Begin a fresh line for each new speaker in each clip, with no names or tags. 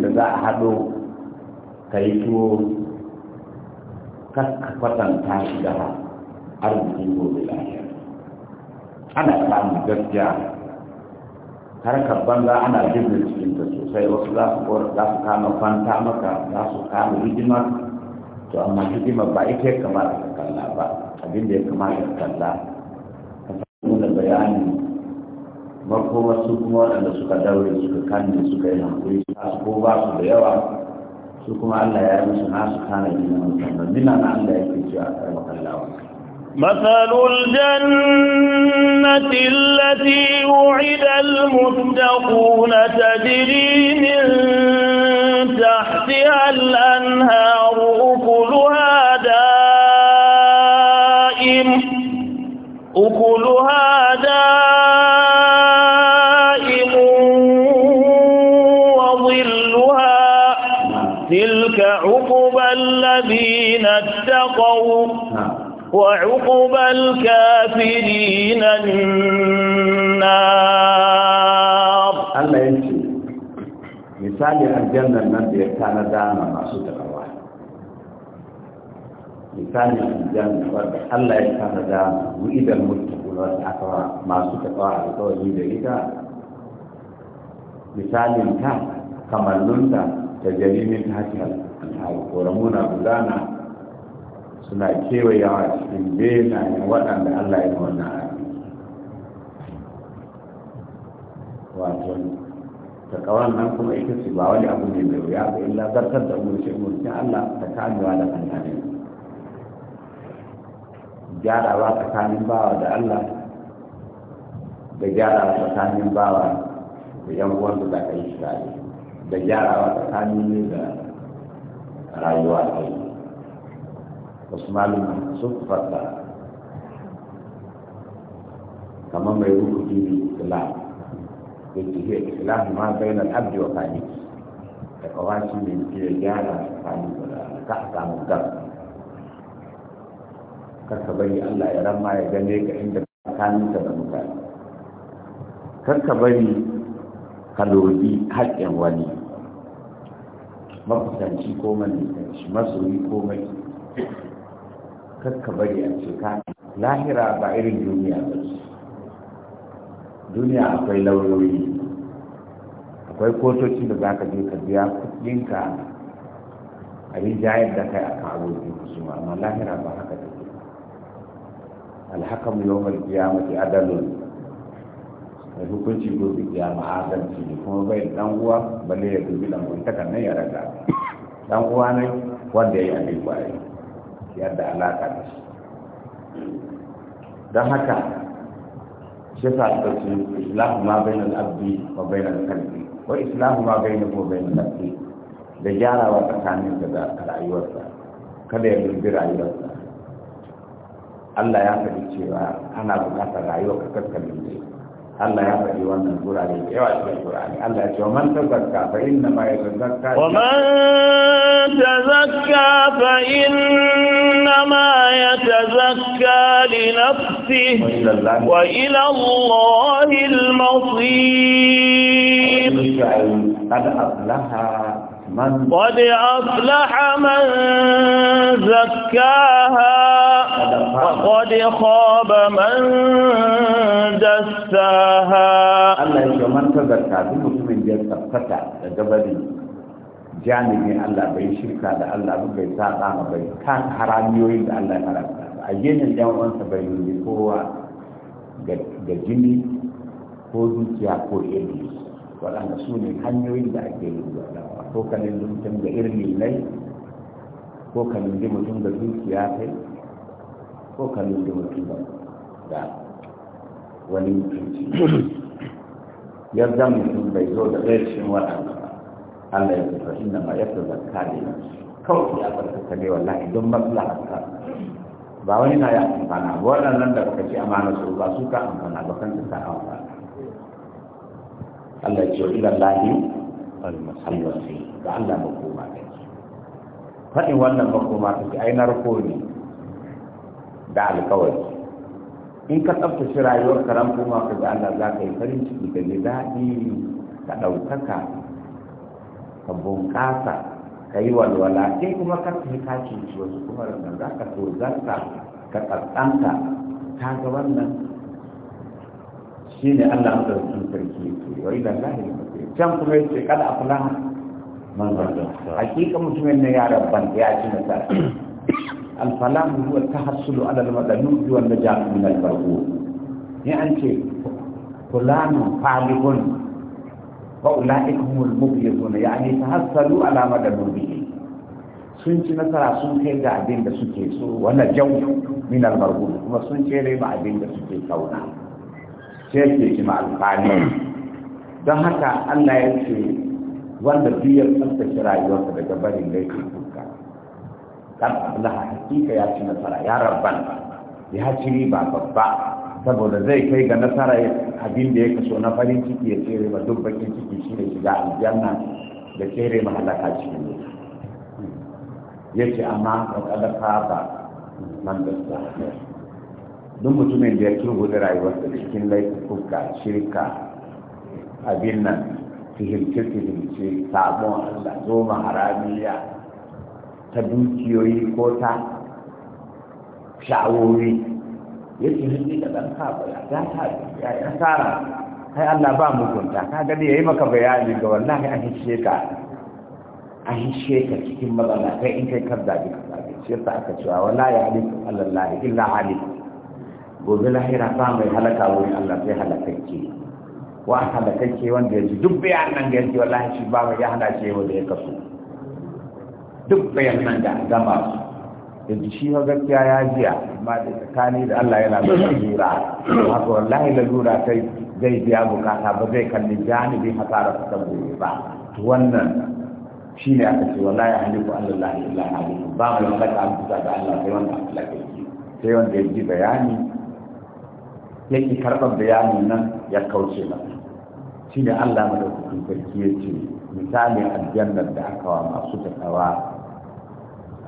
da za a haɗo ka yi tuwo kakka kwatanta shi da arzikin gobe lafiya ana samun gaskiya harkar banza ana jirgin cikinta sosai wasu za su kama fanta maka za su kama rigimar to amma rigimar ba ita ya kamata ka kalla ba abin da ya kamata ka kalla ka samu da bayanin makoma su kuma waɗanda suka daure suka kanne suka yi hankuri su ko ba su da yawa su kuma Allah ya musu nasu tanadi na musamman bina na Allah yake
cewa a karɓar lawa مثل الجنة التي وعد المتقون تجري من تحتها الأنهار وعقب الكافرين النار الله يكفي مثال
الجنة من بيتانا داما ما صدق الله مثال الجنة الله يكفي داما وإذا المتقون والأقرى ما صدق الله القول إذا مثال كان كمالنتا تجري من تحتها الأنهار ورمونا بدانا suna kewayawa cikin benayen waɗanda allah ya wannan wato ta kawar nan kuma ita ce ba wani abu ne mai wuya ba illa zartar da umarci umarci allah ta kamewa da kankanin gyarawa tsakanin bawa da allah da gyarawa tsakanin bawa da yan uwansa da yi shi da gyarawa tsakanin ne da rayuwa da wasu malumi sun fata kamar mai rukuki ne islam da ke iya islam ma na abdi wa kani da kawashi ne ke gyara kani da ka samu gar kar ka bari allah ya ramma ya gane ka inda kanin ka da mutane kar ka bari ka lodi haƙƙin wani makusanci ko mai masoyi ko mai kakka bari a ka lahira ba irin duniya ba duniya akwai lauyoyi akwai kotoci da za ka je ka biya kudinka a yi jayar da kai a kan su kusuma amma lahira ba haka ta take alhakam biya mafi adalun mai hukunci gobe kiyama adalci ne kuma bai dan uwa balle ya dubi dan uwa ta kan nan ya raga dan uwa ne wanda ya yi abin kwaye yadda alaƙa da shi don haka shi sa ta su islahu ma bai na abdi ko bai na kalbi ko islahu ma bai na ko bai na lafi da gyarawa tsakanin da rayuwarsa kada ya dubi rayuwarsa Allah ya faɗi cewa ana buƙatar rayuwa ka kakkalin ne Allah ya faɗi wannan gurare da yawa cikin gurare Allah ya ce man tazakka fa inna ma
yazakka wa man tazakka fa inna إنما يتزكى لنفسه وإلى الله المصير قد أفلح من زكاها وقد خاب من دساها الله يجمع من تزكى بمسلم جل تبكتا لجبري
jami'in Allah bai shirka da Allah ba bai saba ma bai ka haramiyoyi da Allah ya haramta a da yan uwansa bai yi kowa ga jini ko dukiya ko ilmi waɗanda su ne hanyoyin da ake yi ko ka nemi mutum da irin nai ko ka nemi mutum da dukiya kai ko ka nemi mutum da wani mutunci yadda mutum bai zo da rashin waɗanda Allah ya tafi inda ma ya tazakka ne kawai ya ka ne wallahi don maslaha ka ba wani na ya amfana ba waɗannan da baka ci amana su ba su ka amfana ba kan ka amfana Allah ya ce ila lahi almasallasi ga Allah makoma ne faɗin wannan makoma ta ce ai narko ne da alkawari in ka tsaftace rayuwar karan kuma ka ga Allah za ka yi farin ciki da daɗi ka ɗaukaka ka bunƙasa ka yi walwala sai kuma ka ta yi kacin ciwo su kuma da za ka so zarta ka tsatsanta ta ga wannan shi ne allah an zarafi sarki ya ce wani zanga ne can kuma ya ce kada a fulana man zanga hakika mutum ne ya rabban ya ci nasa alfalamu huwa tahassulu ala al-madani wa an-najah min al-barqu ya ance fulanu fa'ibun فأولئك هم المبلغون يعني تحصلوا على مدى نورهم sun ci nasara sun kai ga abin da suke so wani jau min almarhum kuma sun ne ma abin da suke sauna sai ke ji ma alfani don haka Allah ya ce wanda biyar tsaftace rayuwarsa daga barin laifin kuka kan Allah hakika ya ci nasara ya rabban ya ci riba babba saboda zai kai ga nasara abin da ya kaso na farin ciki ya tsere ba duk bakin ciki shi ne shiga aljanna da tsere mahalaka cikin ne ya ce amma wa kadaka ba man da duk mutumin da ya rayuwar rayuwarsa cikin laifuka shirka abin nan fihimce-fihimce sabon allah zoma haramiya ta dukiyoyi ko ta sha'awoyi yake ne da dan kabara ya ta ya tsara kai Allah ba mugunta ka ga da yayi maka bayani ga wallahi an hishe ka an hishe ka cikin matsala kai in kai karda ka zabi shi yasa aka cewa wala ya halifu Allah illa halik gobe lahira ba mai halaka wurin Allah sai halakakke wa halakakke wanda ya ji duk bayanan ga yake wallahi shi ba mai ya hana shi wanda ya kasu duk bayanan da gama su da shi ha ya jiya amma da tsakani da Allah yana da lalura haka wallahi lalura sai zai biya bukata ba zai kalli janibi hasara ta gobe ba wannan shi ne aka ce wallahi haliku Allah la ilaha illa ba mu da ka amsa da Allah sai wanda Allah ya yi sai wanda ya ji bayani yake karɓar bayani nan ya kauce masa shi ne Allah madaukakin sarki ya ce misalin aljannar da aka wa masu takawa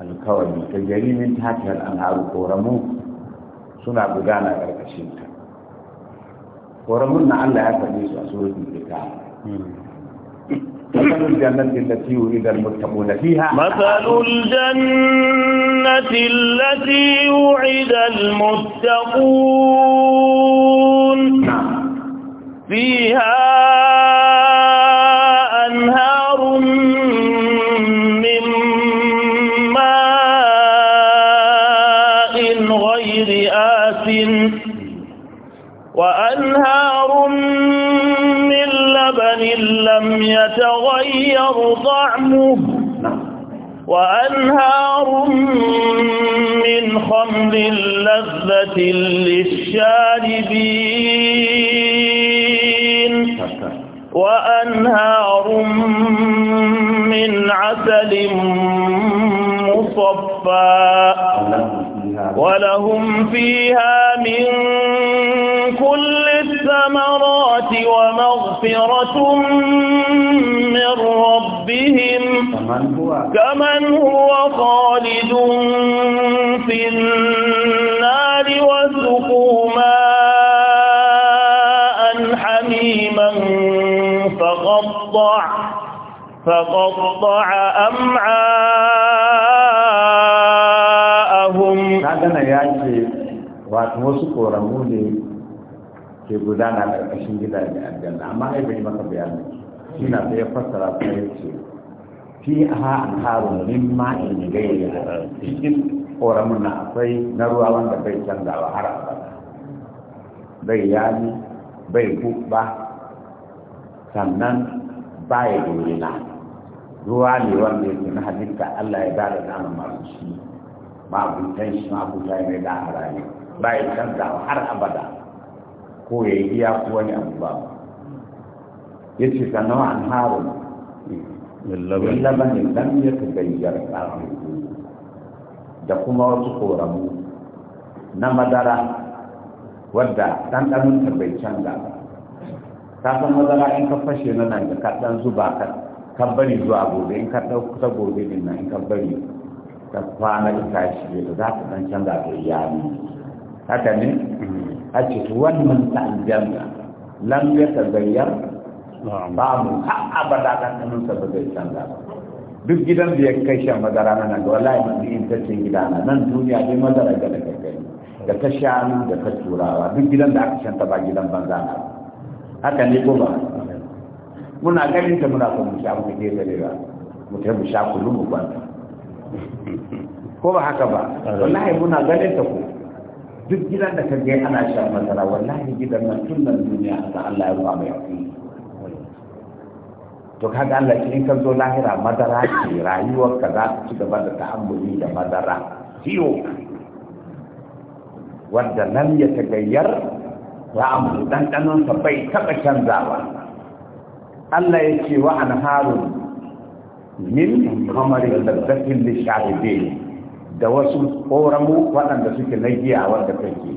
alkawari ta jari min takiyar anharu koramu suna gudana ƙarƙashin ta koramun na Allah ya faɗi su a suratul kitab مثل الجنة التي
يريد المتقون فيها مثل الجنة التي يوعد المتقون فيها أنهار من لبن لم يتغير طعمه وأنهار من خمر لذة للشاربين وأنهار من عسل مصفى ولهم فيها من كل الثمرات ومغفرة من ربهم كمن هو خالد في النار وسقوا ماء حميما فقطع فقطع أمعاءهم
هذا ما يأتي وأتمسك ke gudana a ƙarƙashin gidajen aljanna amma ai bai maka bayani shi na sai ya fassara ta yi ce fi ha an haru min ma'in ne gai da cikin ƙoramun na akwai na ruwa wanda bai canza wa har abada bai yami bai kuɓa sannan ba ya dorina ruwa ne wanda yake na halitta Allah ya bada nama masu shi ma abutan shi ma abutan ya mai da harare ba ya wa har abada ko ya yi iya ko wani abu ba ya ce nawa an haru min ne dan ya tagayyar ƙarfi da kuma wasu koramu na madara wadda ɗanɗanonta bai canza ba ta san madara in ka fashe na nan da ka ɗan zuba ka bari zuwa gobe in ka ɗauka ta gobe din nan in ka bari ka kwana ka tashi da za ka ɗan canza ta yami haka ne mm-hmm. ake wannan ta aljanna lam ya ba mu har abada kan kanin sa ba zai canza ba duk gidan da ya kai shan madara na nan wallahi mun yi intacin gida na nan duniya dai madara ga da kai da ta shanu da ta turawa duk gidan da aka shanta ba gidan banza na haka ne ko ba muna ganin ta muna son mu sha mu ke gare ba mu ta mu sha kullum mu kwanta ko ba haka ba wallahi muna ganin ta ko duk gidan da ka gai ana shan masara wallahi gidan nan tun nan duniya ta Allah ya ruwa mai hakuri to kaga Allah shi in ka zo lahira madara ce rayuwar ka za ta ci gaba da ta'ammuli da madara ciwo wanda nan ya tagayyar ra'amu ɗanɗanonsa bai taɓa canzawa Allah ya ce wa an harun min kamarin lazzafin lishahibe da wasu koramu waɗanda suke na giya wanda kanke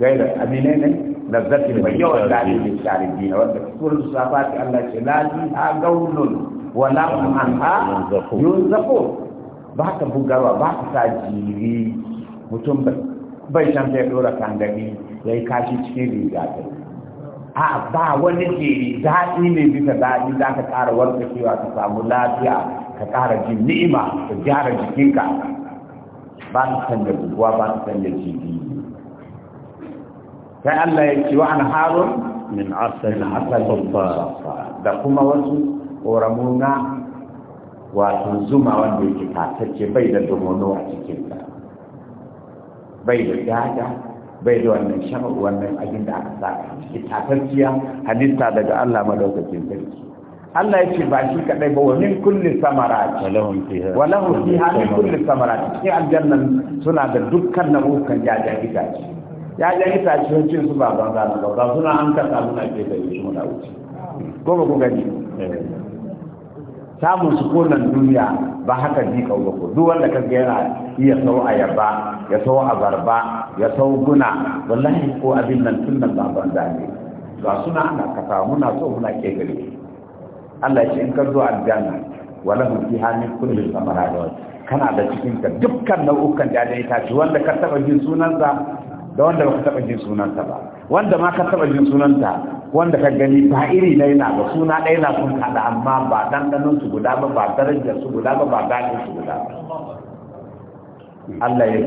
gaida aminai ne na zafi mai yawan lalibin sharibi na wanda kurin su safa ta Allah ce lali a gaunun wala an ha yun zafo ba ka bugawa ba ka sa jiri mutum bai san zai dora gani ya yi kashi cikin riga ta a ba wani jiri daɗi ne bisa daɗi za ka ƙara warkacewa ka samu lafiya ka ƙara jin ni'ima ka gyara jikinka ba su da buguwa ba su da jibi sai Allah ya ce wa an harun min asalin asalin da kuma wasu ƙoramuna na wato zuma wanda yake tatacce bai da domono a ka. bai da dada bai da wannan shan wannan abin da aka a ciki tatacciya halitta daga Allah madaukakin sarki Allah ya ce ba shi kadai ba wa min kulli samarat wa lahu fiha min kulli samarat cikin aljannan suna da dukkan nau'ukan jajan itace jajan itace sun cin su ba ban za ba ba suna an kasa na ke da su muna wuce ko ba ku gani samun su ko nan duniya ba haka ji kawo ko duk wanda ka yana iya sau ayaba ya sau abarba ya sau guna wallahi ko abin nan tun nan ba ban za ne ba suna ana kasa muna so muna ke gari Allah shi in ka zo aljanna wala mu fi hani kullu samarawat kana da cikin ka dukkan nau'ukan da ta ci wanda ka taba jin sa da wanda baka taba jin sa ba wanda ma ka taba jin sunanta wanda ka gani ba iri ɗaya na ba suna ɗaya na sun kada amma ba dandanon su guda ba ba darajar su guda ba ba dalin su guda ba Allah ya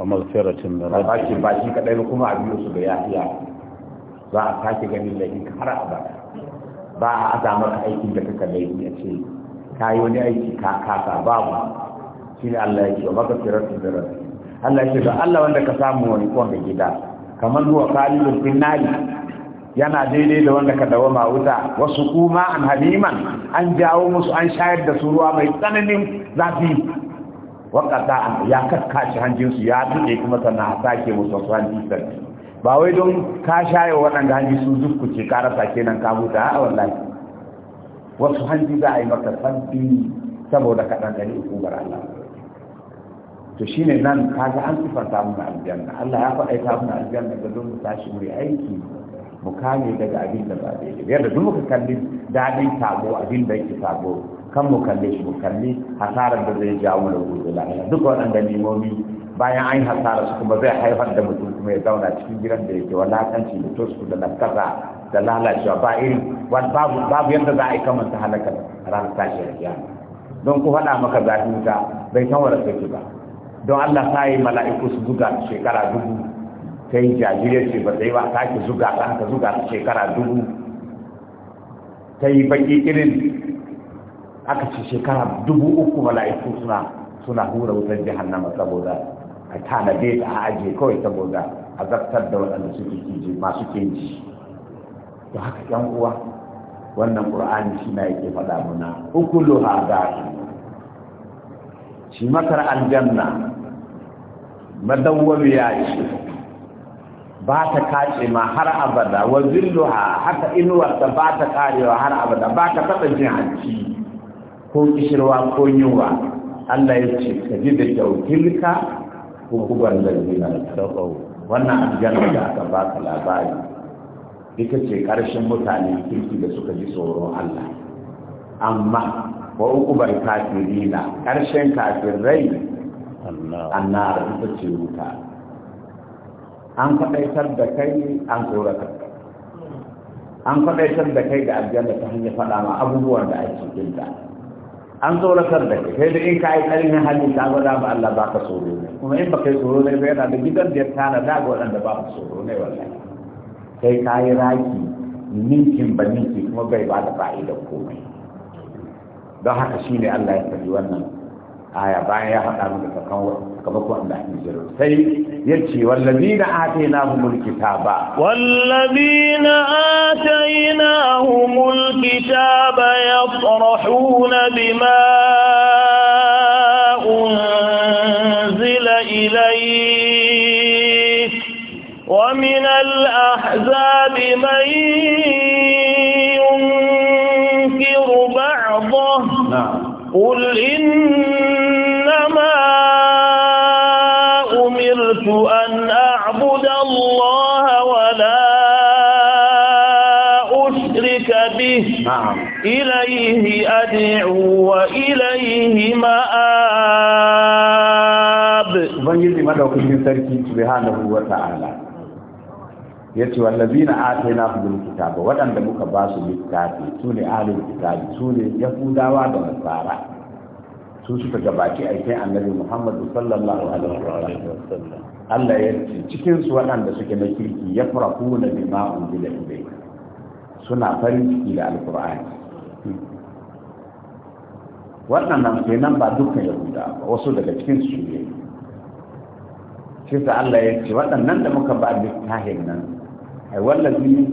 ce wa da ba ki ba shi kadai kuma a biyo su da yafiya za a sake ganin da ka har abada ba a aza maka aikin da kaka laifi a ce ka yi wani aiki ka kasa babu shi ne Allah ya ce wa maka firatun da rasu Allah ya ce ga Allah wanda ka samu wani kwan da gida kamar zuwa kalilun finnari yana daidai da wanda ka dawama wuta wasu kuma an haliman an jawo musu an shayar da su ruwa mai tsananin zafi wakata ya kakkashi hanjinsu ya tuɗe kuma sannan a sake musu wasu hanjinsu ba wai don ka shaye waɗanda hanji su ce ka rasa kenan ka huta a wallahi wasu hanji za a yi maka sabbi saboda ka ɗanɗani bar Allah to shine nan ga an sifanta mu na aljanna Allah ya faɗa ta mu na aljanna da don mu tashi mu aiki mu kame daga abin da ba daidai yadda duk muka kalli daɗin sabo abin da yake sabo kan mu kalle shi mu kalli hasarar da zai jawo da gobe lahira duk waɗanda limomi bayan an yi hasara su kuma zai haifar da mutum kuma ya zauna cikin gidan da yake walakanci da tosku da nakasa da lalacewa ba iri babu babu yadda za a yi kamanta halakar ranar tashiyar kiyama don ku faɗa maka zafin ta bai san wanda take ba don Allah sa yi mala'iku su buga shekara dubu ta yi jajire ce ba ta yi ba ta ki zuga ka zuga shekara dubu ta yi baki irin aka ce shekara dubu uku mala'iku suna suna hura wutar jahannama saboda a tanade ta a aje kawai saboda a zartar da waɗanda suke kiji masu kenji to haka yan uwa wannan qur'ani shi na yake faɗa muna ukulu hada shi makar aljanna ya ce ba ta kace ma har abada wa zilluha haka inuwarta ba ta karewa har abada ba ka taɓa jin hanci ko kishirwa ko yunwa Allah ya ce ka ji da tautilka ko kubar da tsakau wannan aljanna da aka ba ka labari ita ce karshen mutane kirki da suka ji tsoron Allah amma wa ukubar kafirina karshen kafirai annar ita ce wuta an faɗaitar da kai an tsoratar an faɗaitar da kai da aljanna ta hanyar faɗa ma abubuwan da ake cikin ta an tsoratar da kai da in ka yi ƙarfin hali ta ga ba Allah ba ka tsoro ne kuma in ba kai tsoro ne ba yana da gidan da ya tana da ga waɗanda ba ka tsoro ne wallahi sai ka yi raki ninkin ba ninki kuma bai ba da fa'idar komai don haka shine Allah ya faɗi wannan aya bayan ya faɗa mana sakamakon Allah
ya jira sai yace wallazina atainahumul kitaba wallazina atainahumul kitaba yafrahuna bima unzila ilayk wa min al-ahzabi man ينكر بعضه قل إن به إليه أدعو وإليه مآب بنجي ما دوك من تركي سبحانه وتعالى yace wallazina
atainahumul kitaba waɗanda muka ba su littafi su ne ahlul kitabi su ne yahudawa da nasara su suka gabaci aikin annabi muhammadu sallallahu alaihi wa sallam Allah ya ce cikin su waɗanda suke na kirki ya farahu na bima bil ilayka suna farin ciki da alkur'ani waɗannan kenan ba dukkan yahuda ba wasu daga cikin su ne sai Allah ya ce waɗannan da muka ba littahin nan ai wallazi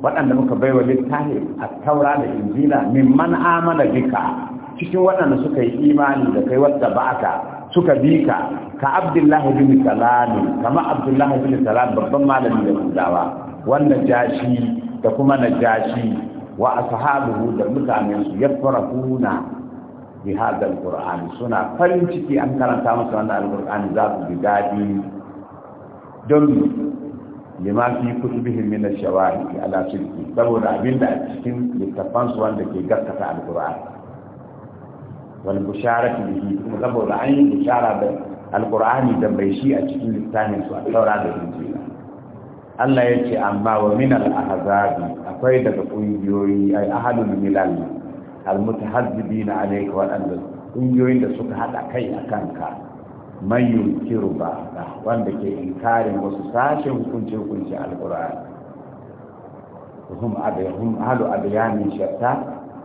waɗanda muka bai wa littahin a taura da injila min man amana bika cikin waɗanda suka yi imani da kai wadda ba ka suka bi ka ka abdullahi bin salami kama abdullahi bin salami babban malamin yahudawa wannan jashi da kuma najashi wa ashabuhu da mutanen su yafrahuna bi hadha alquran suna farin ciki an karanta musu wannan alquran za su ji dadi don lima fi kutubihim min ash-shawahi ala sidqi saboda abinda a cikin littafan su wanda ke gaskata alquran wal bisharati bihi kuma saboda an yi bishara da alqurani da bai shi a cikin littafin su a saura da injila Allah ya ce amma wa minal ahazabi akwai daga ƙungiyoyi a ahalun milal al hajjibi na wa waɗanda ƙungiyoyin da suka haɗa kai a kanka, man yunkiru ba wanda ke inkarin wasu sashen hukunci hukunci alqur'ani hum abihum ahlu abyanin shatta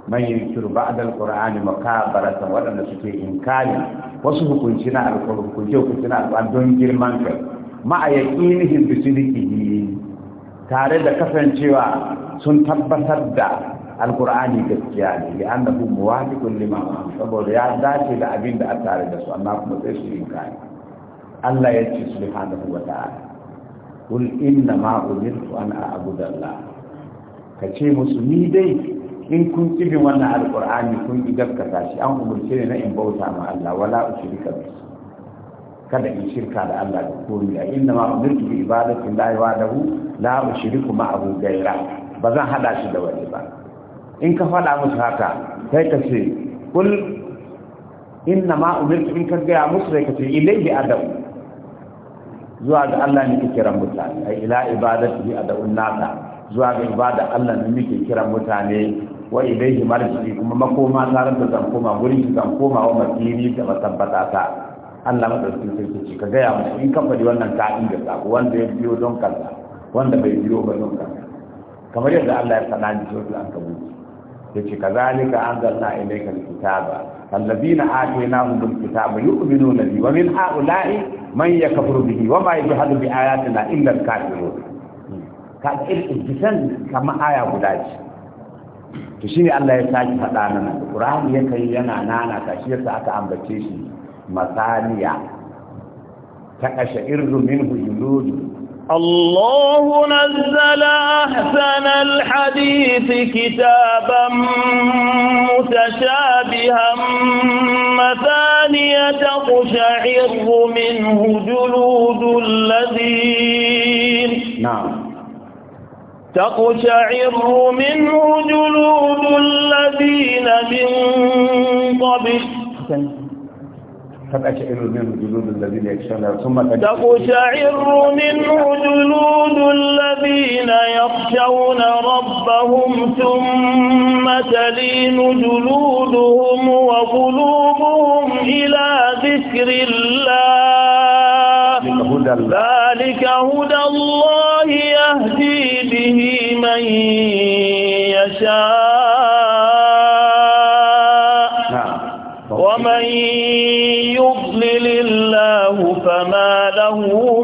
man yunkiru da alqur'ani makabaratan wadanda suke inkarin wasu hukunci na alqur'ani hukunci hukunci na alqur'ani don girman kai ma'ayyakinihin da bi sidqihi tare da kasancewa sun tabbatar da alkur'ani gaskiya ne da an dafu muwafiqun lima saboda ya dace da abin da a tare da su amma kuma sai su kai Allah ya ce subhanahu wa ta'ala kul inna ma umirtu an a'budu Allah ce musu ni dai in kun kibi wannan alkur'ani kun ki gaskata shi an umurce ne na in bauta ma Allah wala ushrika bihi kada in shirka da Allah da komiya inna ma umirtu bi ibadati llahi wahdahu la ushriku ma'ahu ghayra ba zan hada shi da wani ba in ka fada musu haka sai ka ce kul inna ma umirtu in ka ga musu sai ka ce ilayhi adab zuwa ga Allah ne ke kiran mutane ai ila ibadati adabun naka zuwa ga ibada Allah ne ke kiran mutane wa ilayhi marji kuma makoma tsarar da zan koma gurin zan koma wa masiri da tabbata ta Allah madaukakin sarki ce ka gaya musu in ka faɗi wannan ta inda sako wanda ya biyo don kansa wanda bai biyo ba don kansa kamar yadda Allah ya faɗa ni suratul ankabut yace kazalika anzalna ilayka alkitaba alladhina atainahum alkitaba yu'minuna bi wa min ha'ula'i man yakfuru bihi wa ma yajhadu bi ayatina illa alkafirun ka irkisan kama aya guda ce to shine Allah ya saki faɗa nan Qur'ani yake yana nana kashi yasa aka ambace shi مثانية
تقشعر منه جلود الله نزل أحسن الحديث كتابا متشابها مثانية تقشعر منه جلود الذين نعم تقشعر منه جلود الذين من قبل
تقشعر منه جلود الذين يخشون
ثم منه جلود الذين يخشون ربهم ثم تلين جلودهم وقلوبهم إلى ذكر الله ذلك هدى الله يهدي به من يشاء فما له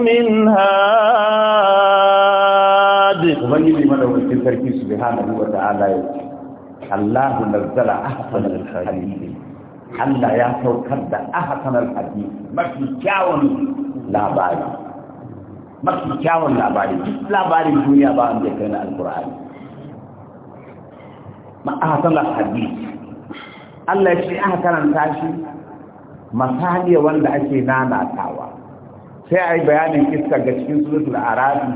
من هاد وبنجي
من هو التركي سبحانه وتعالى الله نزل أحسن الحديث Allah ya saukar da ahasanar hadisi mafi kyawun kyawun labarin duniya ba wanda kai na alkur'ani ma ahasanar hadisi Allah ya ce ahasanar shi?' masaniya wanda ake nanatawa sai a yi bayanin iska ga cikin suratul arabi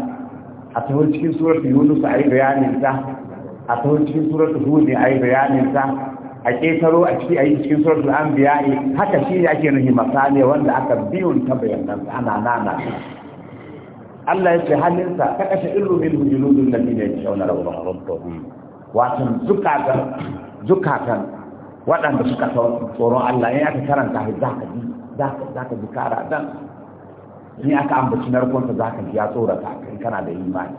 a tsohon cikin suratul yunus a yi bayanin ta a tsohon cikin suratul hudu a yi bayanin ta a ƙetaro a ciki a yi cikin suratul anbiya'i haka shi ne ake nuhi misali wanda aka biyun ta bayanan ana nana Allah ya ce halinsa ta kashe irin min hujuludun da ne ya shauna rawar rabbahu wato zukatan zukatan waɗanda suka tsoron Allah in aka karanta za ka ji za ka ji kara dan Ni aka ambaci narkonsa za ka ji ya tsorata in kana da imani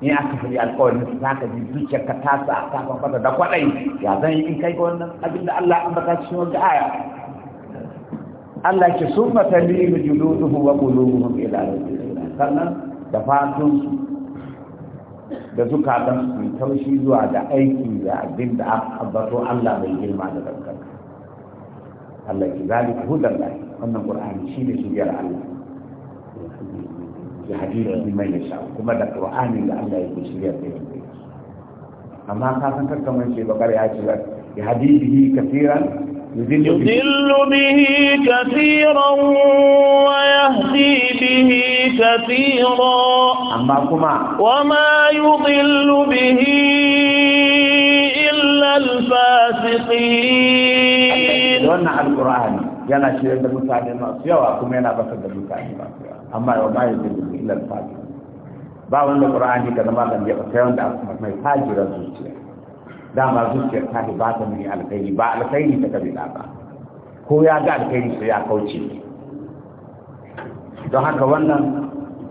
ni aka faɗi alkawarin za ka ji zuciyar ka tasa a kafin fata da kwaɗayi ya zan yi kai ga wannan abin da Allah an baka cikin wanda aya Allah ke sun matali mu juluduhu wa mu ila sannan da fatun su da zukatan su taushi zuwa da aiki da abin da aka ambato Allah mai girma da daukaka Allah ke zalika hudar da wannan qur'ani ne shiriyar Allah da hadisi mai ya kuma da qur'ani da Allah ya shirya da yake amma ka san kanka mun ce bakar ya ce ya hadisi kafiran يذل به
كثيرا ويهدي به كثيرا وما يضل به إلا الفاسقين وانا
القرآن yana shirin da mutane masu yawa kuma yana basar da mutane masu amma ba illa al-fajir ba wanda qur'ani kaza ma kan jaba sai wanda mai fajira zuciya da ma zuciya ta ba ta mai alkhairi ba alkhairi ta kabila ba ko ya ga alkhairi sai ya kauce don haka wannan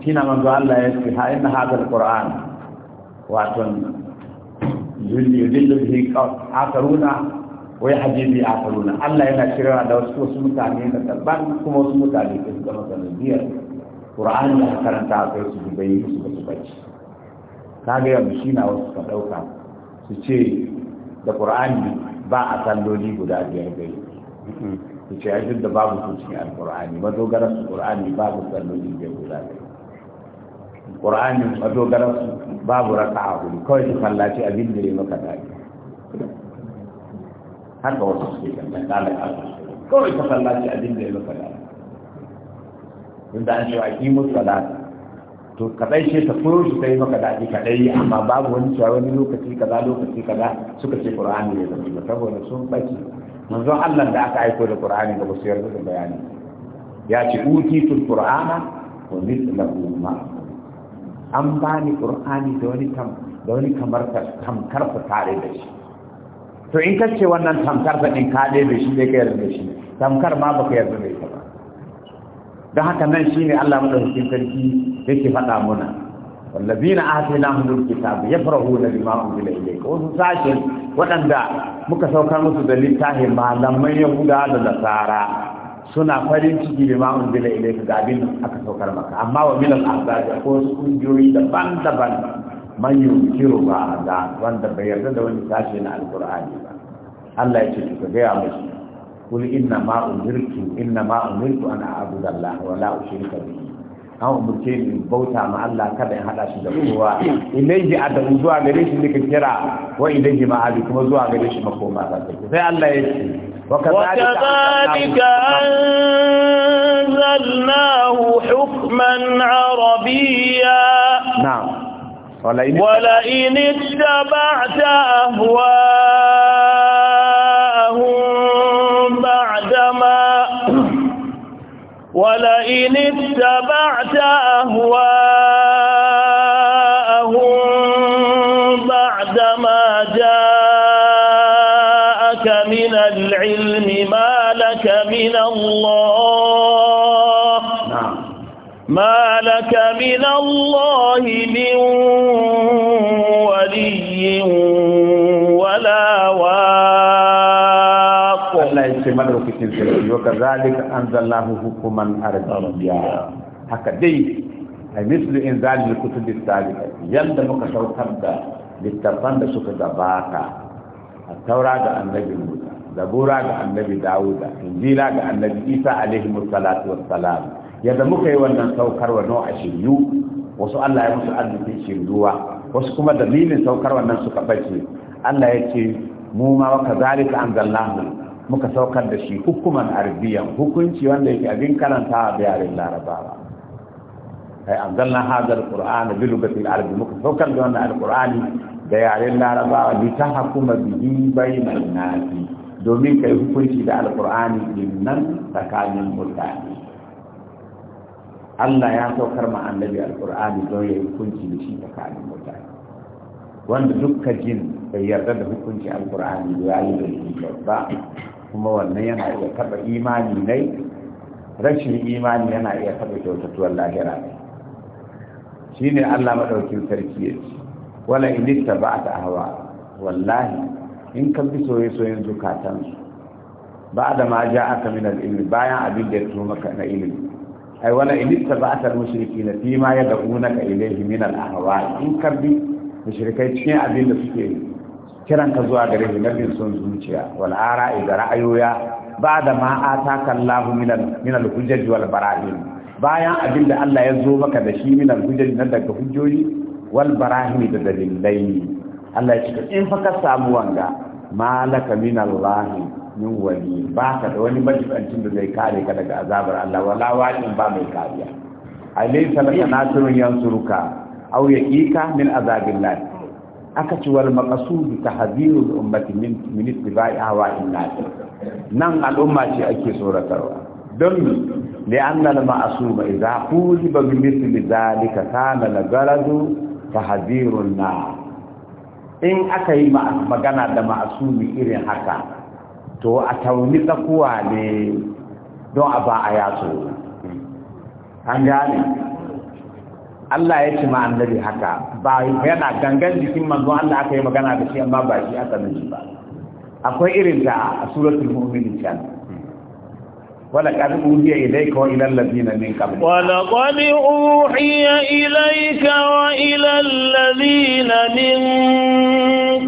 shine manzo Allah ya ce ha inna hadha al-qur'an wato yudillu bihi akaruna wai yahdibi a Allah yana shirya da wasu wasu mutane da daban kuma wasu mutane da suka masa biyar qur'ani aka karanta a kai su dubai su ba su bacci kaga yanzu shi na wasu ka ɗauka su ce da qur'ani ba a salloli guda biyar bai su ce duk da babu su cikin alqur'ani madogarar su qur'ani babu salloli biyar guda biyar qur'ani madogarar su babu raka'a hudu kawai su sallaci abin da ya maka daɗi haka wasu suke kan da kala kawai ta sallaci abin da ya maka daɗi inda an cewa ki musu salata to kadai ce ta furo shi kai maka daɗi kadai amma babu wani cewa wani lokaci kaza lokaci kaza suka ce qur'ani da kuma saboda sun baki manzo Allah da aka aiko da qur'ani da wasu yarda da bayani ya ce tul qur'ana wa mithlahu ma an bani qur'ani da wani kam da wani kamar tamkar fa tare da shi to in kace wannan tamkar da in kade da shi da kai yarda da shi tamkar ma baka yarda da shi ba don haka nan shine Allah madaukakin sarki yake faɗa muna wallazina atainahumul kitab yafrahuna bima unzila ilayka wasu sashen waɗanda muka saukar musu da littafin malaman yahuda da nasara suna farin ciki da ma unzila ilayka ga abin aka saukar maka amma wa min al ko su kungiyoyi daban-daban man yunkiru ba da wanda bai yarda da wani sashi na alqur'ani ba Allah ya ce ku ga ya musu قل إنما أمرت إنما أمرت أن أعبد الله ولا أشرك به an umurce ni bauta ma Allah kada in hada shi da kowa ilaihi adabu zuwa gare shi nake kira wa ilaihi ma'abi kuma zuwa gare shi makoma ta take
sai Allah ya ce wa kadhalika anzalnahu hukman arabiyya na'am ولئن اتبعت أهواءهم ولئن اتبعت أهواءهم madaukakin sarki wa kazalika anzalahu hukuman
arabiyya haka dai a mislu in zalil kutubi salika yanda muka saukar da littafan da suka gabata a taura ga annabi Musa zabura ga annabi Dawuda injila ga annabi Isa alaihi salatu wassalam yadda muka yi wannan saukarwa nawa a shiryu wasu Allah ya musu arzikin shiryuwa wasu kuma dalilin saukar wannan suka bace Allah ya ce mu ma wa kazalika anzalnahu muka saukar da shi hukuman arabiyan hukunci wanda yake abin karanta a yaren larabawa ai anzalna hadha alqur'ana bi lughati al-arab muka saukar da wannan alqur'ani da yaren larabawa li tahkuma bihi bainan nas domin kai hukunci da alqur'ani din nan tsakanin mutane Allah ya saukar ma annabi alqur'ani don ya hukunci da shi tsakanin mutane wanda dukkan jin bai yarda da hukunci alkur'ani ya yi da ba kuma wannan yana iya taɓa imani ne rashin imani yana iya taɓa kyautatuwar lahira ne shi ne allah maɗaukin sarki ya ce wala inista ba ta hawa wallahi in ka bi soye-soyen zukatansu ba da ma ja aka min al'ilmi bayan abin da ya tuma ka na ilimi ai wala inista ba ta shirki na fi ma ya da'una ka ilaihi min al'ahawa in ka bi mushrikai cikin abin da suke yi kiran ka zuwa gare shi nabin son zuciya wal ara'i da ra'ayoya ba da ma ataka Allahu minal minal hujjaj wal barahin bayan abinda Allah ya zo maka da shi minal hujjaj na daga hujjoji wal barahin da dalilai Allah ya ce in fa ka samu wanga malaka min Allah min wali ba ka da wani majibancin da zai kare ka daga azabar Allah wala wa'in ba mai kariya alaysa laka nasirun yansuruka aw yaqika min azabillah aka ci wal maqsud tahdhirul ummati min min ittiba'i hawa'in nas nan al'umma ce ake tsoratarwa don li anna al ma'suma idza quli bi mithli dhalika kana la garadu tahdhirun na in aka yi magana da ma'asumi irin haka to a tauni tsakuwa ne don a ba a yaso an gane Allah ya ce ma annabi haka ba yana gangan jikin manzo Allah aka yi magana da shi amma ba shi aka nufi ba akwai irin ta
a suratul mu'minin can ولقد أوحي إليك وإلى الذين من قبلك ولقد أوحي إليك وإلى الذين من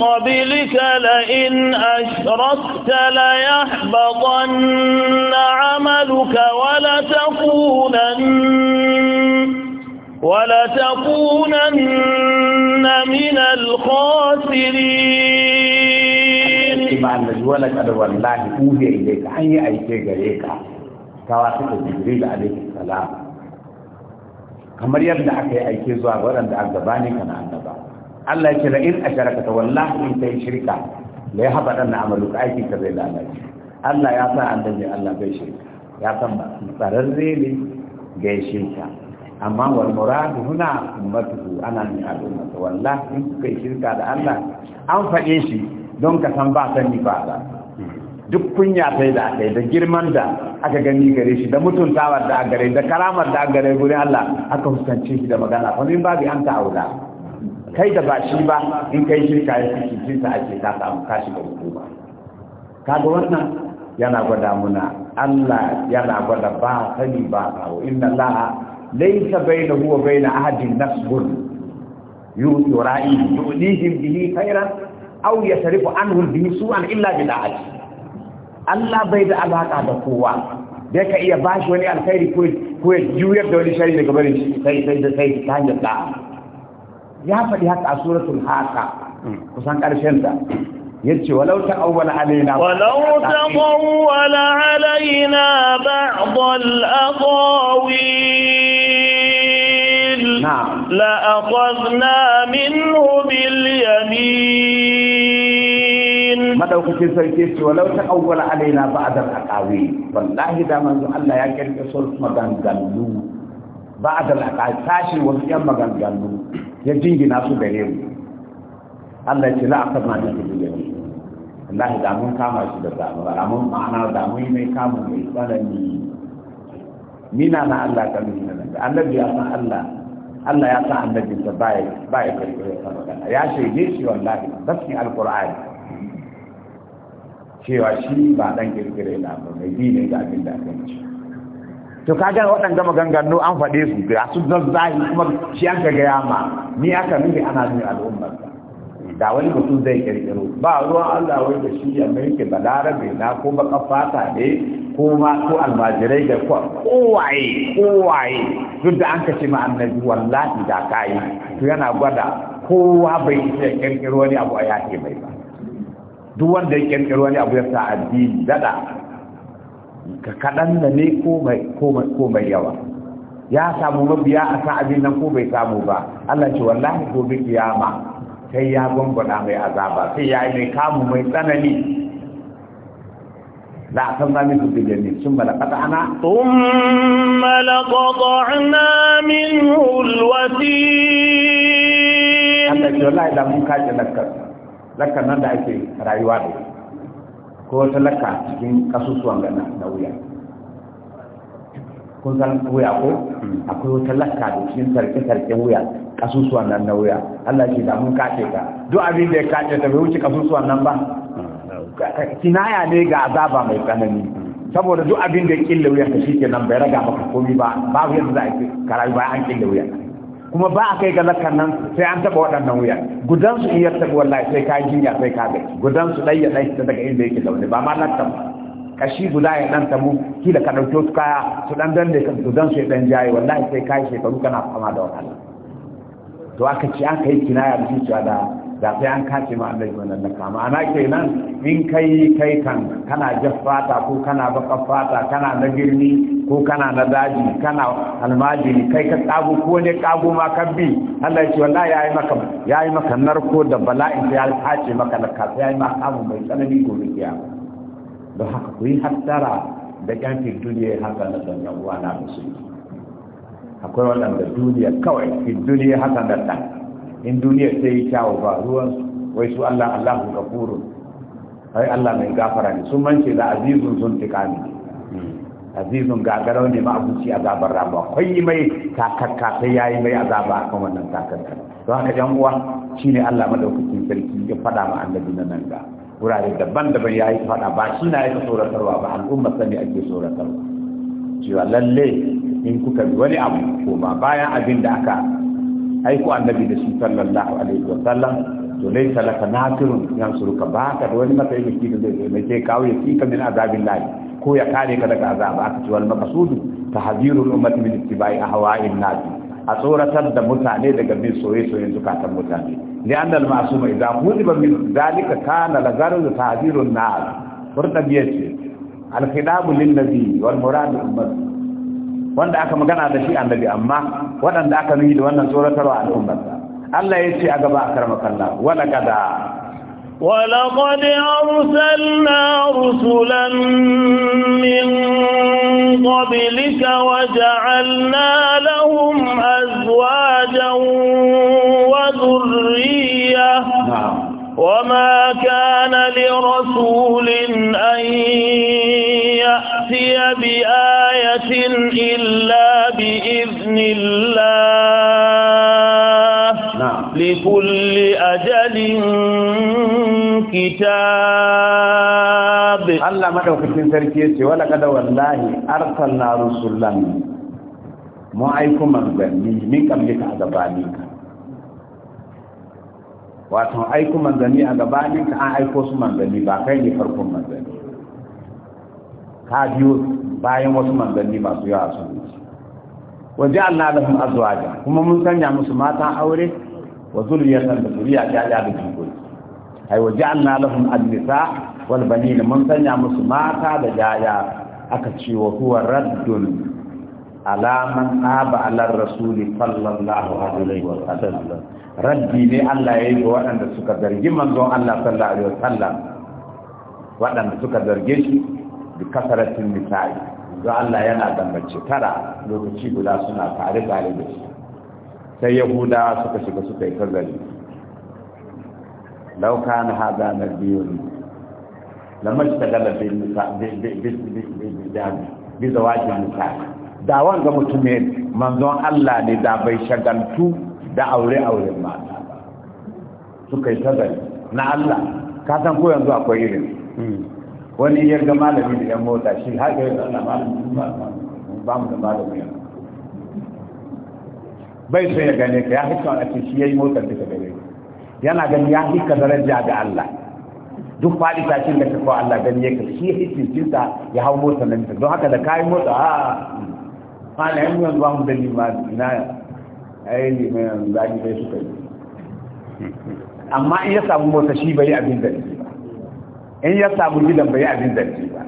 قبلك لئن أشركت ليحبطن عملك ولتكونن ولتكونن من الخاسرين ba annabi wala kada
wallahi uhiya ilayka an yi aike gare ka ta wasu da jibril alaihi salam kamar yadda aka yi aiki zuwa ga waɗanda an gabani kana annaba Allah ya ce da in asharaka ta wallahi in kai shirka la ya haɓa ɗan amalu ka aiki ka zai lalace Allah ya sa annabi Allah bai shirka ya san ba ne gaishe ka amma wal muradu huna ummatuhu ana ni al'umma wallahi in kai shirka da Allah an faɗe shi don ka san ba san ni ba duk kunya sai da kai da girman da aka gani gare shi da mutuntawar da gare da karamar da gare gurin Allah aka huskance shi da magana kuma in babu an ta'aula kai da ba shi ba in kai shirka ya fi ta ake ka samu kashi da hukuma kaga wannan yana gwada muna Allah yana gwada ba sani ba kawo inna Allah ليس بينه وبين أحد نسب يرائيه يؤذيهم به خيرا أو يصرف عنه به سوءا إلا بالعهد Allah bai da alaka da kowa da ka iya ba shi wani alkhairi ko ya juyar da wani shari daga barin shi sai sai da sai ta hanyar da ya faɗi haka a suratul haka kusan ƙarshen ta yace walau ta'awwala alaina walau
ta'awwala alaina ba'd al-aqawi لأخذنا منه باليمين مدوكتين سيكيس ولو
تأول علينا بعد الأقاوي والله دا منذ الله يكن مدان مغنغلو بعد الأقاويل ساشي مدان مغنغلو يجيني ناسو بريم الله يقول لا أخذنا منه باليمين الله دا من كاما شده دا من معنا دا من كاما من إسلامي mina na Allah ka nuna nan da annabi ya san Allah Allah ya sa annabi sa baya baya karkare magana ya shaide shi wallahi baskin alqur'ani cewa shi ba dan kirkire na ba mai bi ne ga abin da aka ci to kaga waɗanda maganganu an faɗe su ga su zazzahi kuma shi an ka gaya ma ni aka nufi ana nuna al'ummar da wani mutum zai kirkiro ba ruwan Allah wai da shi ya mai ke balarabe na ko baka fata ne ko ma ko almajirai da ko kowaye kowaye duk da an kace ma annabi wallahi da kai to yana gwada kowa bai iya kirkiro wani abu a ce mai ba duk wanda ya kirkiro wani abu ya sa addini dada ka kadan da ne ko mai yawa ya samu mabiya a kan abin nan ko bai samu ba Allah ce wallahi gobe kiyama sai ya gunguna mai azaba sai ya yi mai kamu mai tsanani لأخذنا منه باليمين ثم لقطعنا
ثم لقطعنا منه الوتين أنت
والله إذا ممكن لك لك لك تكين كسوسوان لنا نويا kun san wuya ko akwai wata lakka da cikin sarke-sarken wuya kasusuwan nan na wuya Allah ce da mun kace ka duk abin da ya kace ta bai wuce kasusuwan nan ba kinaya ne ga azaba mai tsanani saboda duk abin da ya killa wuyan ke nan bai raga maka komi ba ba yadda za a yi karayu an killa wuya kuma ba a kai ga lakan nan sai an taba waɗannan wuya gudan su in ya taba wallahi sai ka jinya sai ka ga gudan su dai ya dai ta daga inda yake zaune ba ma nan ta kashi guda ya dan tamu kila ka dauke su kaya su dan dan da gudan su ya dan jaye wallahi sai yi shekaru kana fama da wahala to aka ci aka yi kinaya da zuciya da da sai an kace ma annabi wannan na kama ana kenan in kai kai kan kana jaffata ko kana baka fata kana na girni ko kana na daji kana almaji kai ka tsago ko ne kago ma kan bi Allah ya ce wallahi yayi maka yayi maka narko da bala'i sai ya kace maka na ka sai yayi maka abu mai tsanani gobe kiyama da haka ku yi hattara da yankin duniya haka na dan uwa na musulmi akwai da duniya kawai fi duniya haka na dan in duniyar ta yi kyawu ba ruwan wai su Allah Allahu kafuru wai Allah mai gafara ne sun mance da azizun sun tikani azizun gagarau ne ma ma'abuci azabar ramuwa kwai mai takakka sai yayi mai azaba a kan wannan takakka don haka yan uwa shine Allah madaukakin sarki ya fada ma annabi nan ga wurare daban-daban yayi faɗa ba shi na yake tsoratarwa ba al'umma sani ake tsoratarwa cewa lalle in kuka bi wani abu ko ba bayan abin da aka haiku annabi da shi sallallahu alaihi wa sallam to lai talaka nasirun ka ba ka da wani mataimaki da zai taimake kawo ya fika min azabin lahi ko ya kare ka daga azaba aka ci wal maqsudu tahzirul ummati min ittiba'i ahwa'in nas a tsoratar da mutane daga bin soye-soyen zukatan mutane su al-ma'suma idza hudiba min zalika kana la zaru tahzirun nas furta biyace al-khidabu lin nabi wal murad ummati wanda aka magana da shi annabi amma waɗanda aka nuni da wannan tsoratarwa al'ummarsa Allah ya ce a gaba a kalla wala kada
ولقد أرسلنا رسلا من قبلك وجعلنا لهم أزواجا وذرية نعم وما كان لرسول أن يأتي بآية إلا بإذن الله نعم. لكل أجل كتاب
الله مدوكتين تركيسي ولقد والله أرسلنا رسولا ما أيكم من قبلك أدبانيك wato aiko manzanni a gabanin ka an aiko su manzanni ba kai ne farkon manzanni ka biyo bayan wasu manzanni masu yawa sun ne waje Allah lahum azwaja kuma mun sanya musu mata aure wa zurriyatan da zuriya ta ya da jikoki ai waje Allah lahum an wal banin mun sanya musu mata da jaya aka ce wa huwa raddun alaman aba alar rasuli sallallahu alaihi wa sallam Rabbi ne Allah ya yi ga waɗanda suka zargi manzon Allah sallallahu alaihi wa sallam waɗanda suka zarge shi bi kasaratin nisa'i don Allah yana gambace tara lokaci guda suna tare tare da shi sai yahuda suka shiga suka yi kazari law kana hadha na biyu ne. Lamar shi bi bi bi bi bi bi bi da wanga mutumin manzon Allah ne da bai shagaltu da aure-aure mata suka yi tazari na Allah ka san ko yanzu akwai irin wani ga malami da yan mota shi haka yi Allah malami ba mu da malami bai so ya gane ka ya hikka a ce shi ya yi motar duka gare yana gani ya hika daraja ga Allah duk faɗi cin da ka kawo Allah gani ya ka shi ya cinta ya hau motar nan don haka da kayan mota a ah, kwana yin yanzu ba mu da limani na ai liman yanzu zagi bai suka yi amma in ya samu mota shi bai abin da ba in ya samu gidan bai abin da ba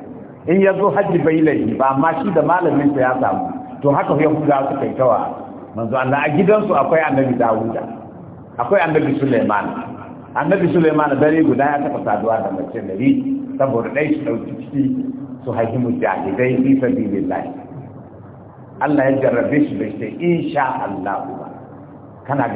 in ya zo hajji bai laifi ba amma shi da malamin sa ya samu to haka ya huda su kai tawa manzo Allah a gidansu akwai annabi Dawuda akwai annabi Sulaiman annabi Sulaiman dare guda ya taɓa saduwa da mace dari saboda dai su dauki ciki su haihi mujahidai fi sabilillah Allah ya jarrabe shi bai sai insha Allah ba kana